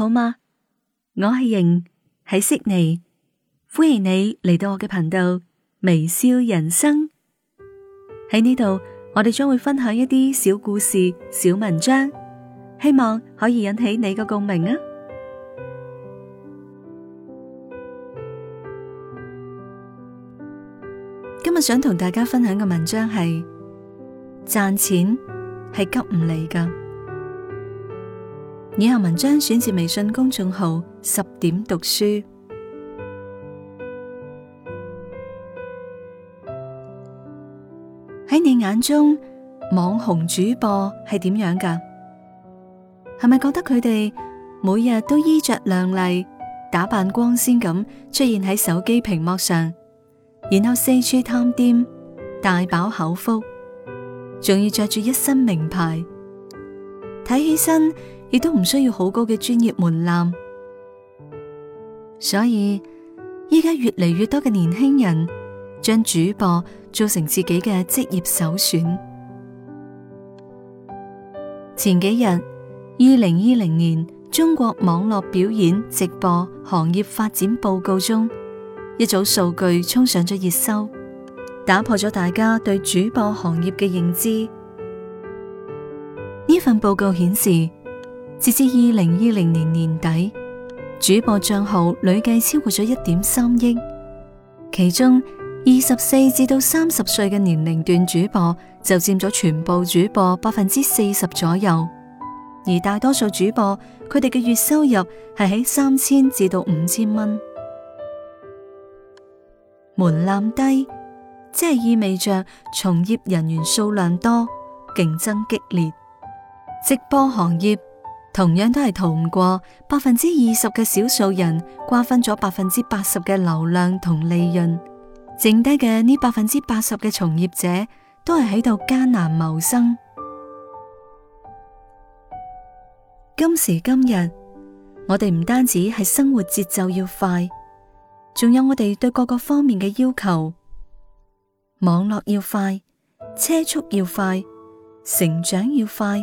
好嗎？我係瑩，喺悉尼，歡迎你嚟到我嘅頻道微笑人生。喺呢度，我哋將會分享一啲小故事、小文章，希望可以引起你嘅共鳴啊！今日想同大家分享嘅文章係：賺錢係急唔嚟噶。以下文章選自微信公眾號十點讀書。喺你眼中，網紅主播係點樣噶？係咪覺得佢哋每日都衣着靚麗、打扮光鮮咁出現喺手機屏幕上，然後四處探店，大飽口福，仲要着住一身名牌，睇起身？亦都唔需要好高嘅專業門檻，所以依家越嚟越多嘅年輕人將主播做成自己嘅職業首選。前幾日，二零二零年中國網絡表演直播行業發展報告中，一組數據衝上咗熱搜，打破咗大家對主播行業嘅認知。呢份報告顯示：截至二零二零年年底，主播賬號累計超過咗一點三億，其中二十四至到三十歲嘅年齡段主播就佔咗全部主播百分之四十左右，而大多數主播佢哋嘅月收入係喺三千至到五千蚊，門檻低，即係意味着從業人員數量多，競爭激烈，直播行業，同樣都係逃唔過百分之二十嘅少數人瓜分咗百分之八十嘅流量同利潤，剩低嘅呢百分之八十嘅從業者都係喺度艱難謀生。今時今日，我哋唔單止係生活節奏要快，仲有我哋對各個方面嘅要求：網絡要快，車速要快，成長要快。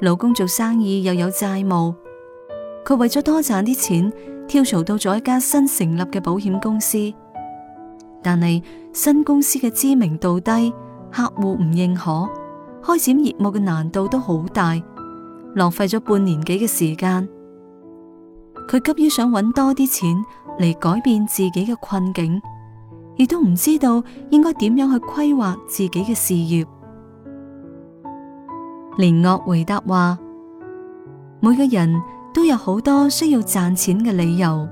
老公做生意又有債務，佢為咗多賺啲錢，跳槽到咗一家新成立嘅保險公司，但係新公司嘅知名度低，客戶唔認可，開展業務嘅難度都好大，浪費咗半年幾嘅時間。佢急於想搵多啲錢嚟改變自己嘅困境，亦都唔知道應該點樣去規劃自己嘅事業。連岳回答話：每個人都有好多需要賺錢嘅理由。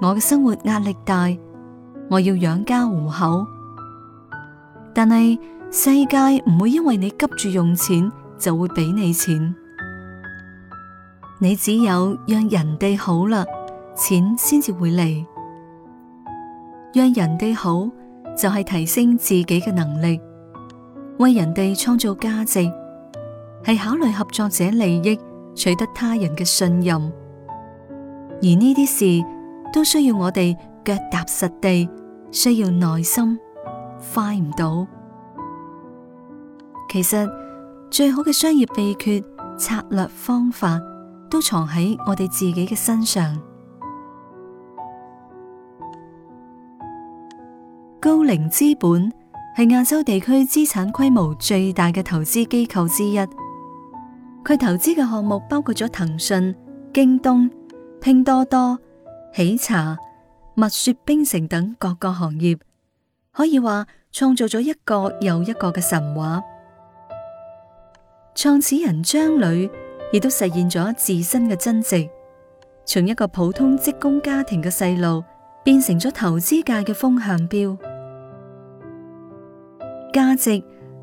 我嘅生活壓力大，我要養家糊口。但係世界唔會因為你急住用錢就會俾你錢。你只有讓人哋好啦，錢先至會嚟。讓人哋好就係提升自己嘅能力，為人哋創造價值。係考慮合作者利益，取得他人嘅信任，而呢啲事都需要我哋腳踏實地，需要耐心，快唔到。其實最好嘅商業秘訣、策略方法，都藏喺我哋自己嘅身上。高瓴資本係亞洲地區資產規模最大嘅投資機構之一。佢投資嘅項目包括咗騰訊、京東、拼多多、喜茶、蜜雪冰城等各個行業，可以話創造咗一個又一個嘅神話。創始人張磊亦都實現咗自身嘅增值，從一個普通職工家庭嘅細路，變成咗投資界嘅風向標，價值。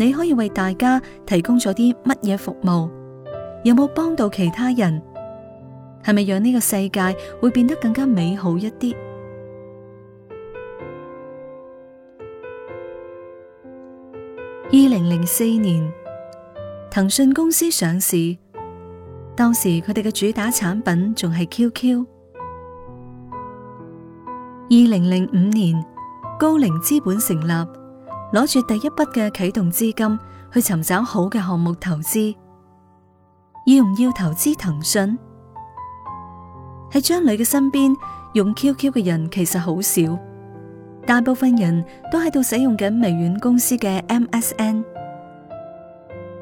你可以為大家提供咗啲乜嘢服務？有冇幫到其他人？係咪讓呢個世界會變得更加美好一啲？二零零四年，騰訊公司上市，當時佢哋嘅主打產品仲係 QQ。二零零五年，高瓴資本成立。攞住第一筆嘅啟動資金去尋找好嘅項目投資，要唔要投資騰訊，喺張磊嘅身邊用 QQ 嘅人其實好少，大部分人都喺度使用緊微軟公司嘅 MSN。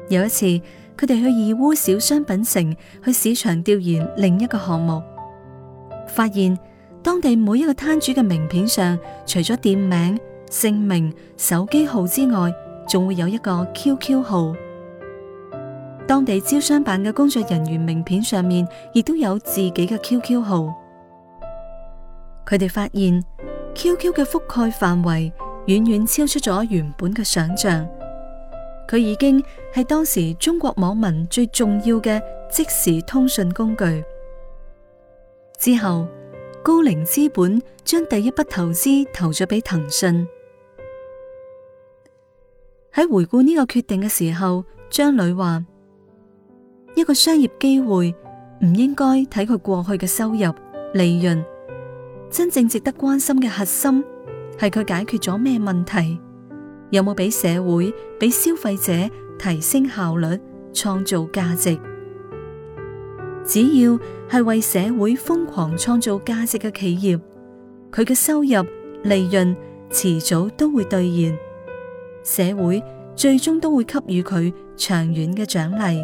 有一次，佢哋去義烏小商品城去市場調研另一個項目，發現當地每一個攤主嘅名片上，除咗店名。姓名、手機號之外，仲會有一個 QQ 號。當地招商辦嘅工作人員名片上面，亦都有自己嘅 QQ 號。佢哋發現 QQ 嘅覆蓋範圍遠遠超出咗原本嘅想象，佢已經係當時中國網民最重要嘅即時通訊工具。之後，高瓴資本將第一筆投資投咗俾騰訊。喺回顧呢個決定嘅時候，張磊話：一個商業機會唔應該睇佢過去嘅收入、利潤，真正值得關心嘅核心係佢解決咗咩問題，有冇俾社會俾消費者提升效率、創造價值。只要係為社會瘋狂創造價值嘅企業，佢嘅收入、利潤遲早都會兌現。社會最終都會給予佢長遠嘅獎勵。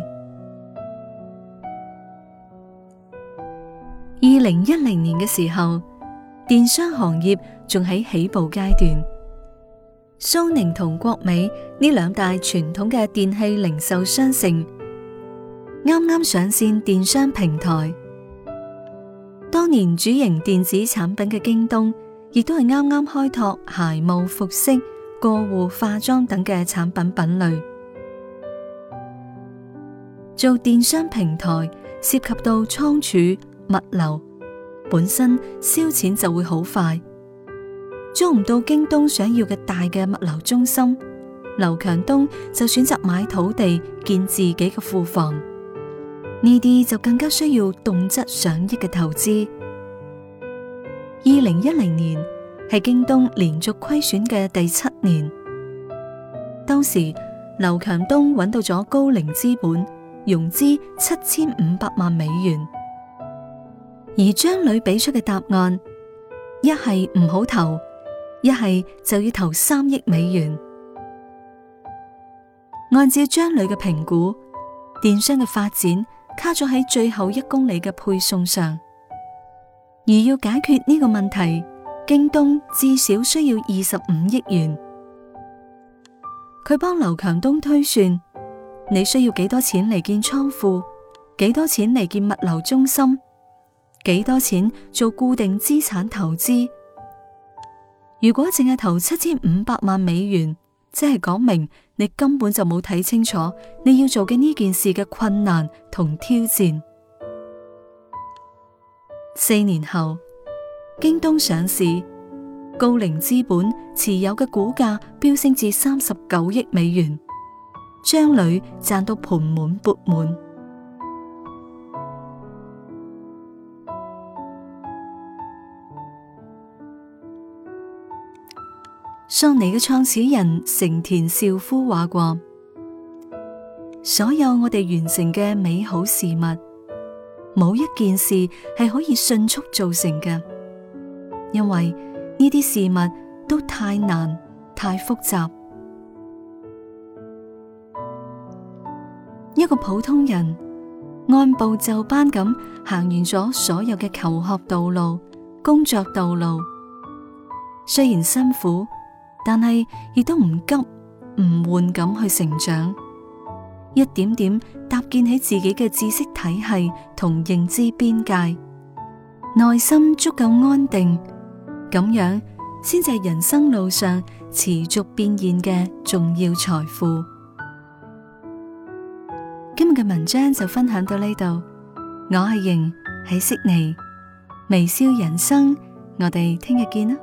二零一零年嘅時候，電商行業仲喺起步階段，蘇寧同國美呢兩大傳統嘅電器零售商城，啱啱上線電商平台。當年主營電子產品嘅京東，亦都係啱啱開拓鞋帽服飾。過戶化妝等嘅產品品類，做電商平台涉及到倉儲物流，本身燒錢就會好快。租唔到京東想要嘅大嘅物流中心，劉強東就選擇買土地建自己嘅庫房。呢啲就更加需要動輒上億嘅投資。二零一零年。係京東連續虧損嘅第七年。當時，劉強東揾到咗高瓴資本，融資七千五百萬美元。而張磊俾出嘅答案，一係唔好投，一係就要投三億美元。按照張磊嘅評估，電商嘅發展卡咗喺最後一公里嘅配送上，而要解決呢個問題。京東至少需要二十五億元。佢幫劉強東推算，你需要幾多錢嚟建倉庫，幾多錢嚟建物流中心，幾多錢做固定資產投資。如果淨係投七千五百萬美元，即係講明你根本就冇睇清楚你要做嘅呢件事嘅困難同挑戰。四年後。京東上市，高瓴資本持有嘅股價飆升至三十九億美元，張磊賺到盆滿鉢滿。索尼嘅創始人盛田昭夫話過：所有我哋完成嘅美好事物，冇一件事係可以迅速做成嘅。因為呢啲事物都太難、太複雜。一個普通人按部就班咁行完咗所有嘅求學道路、工作道路，雖然辛苦，但係亦都唔急唔緩咁去成長，一點點搭建起自己嘅知識體系同認知邊界，內心足夠安定。咁樣先至係人生路上持續變現嘅重要財富。今日嘅文章就分享到呢度，我係瑩，喺悉尼微笑人生，我哋聽日見啦。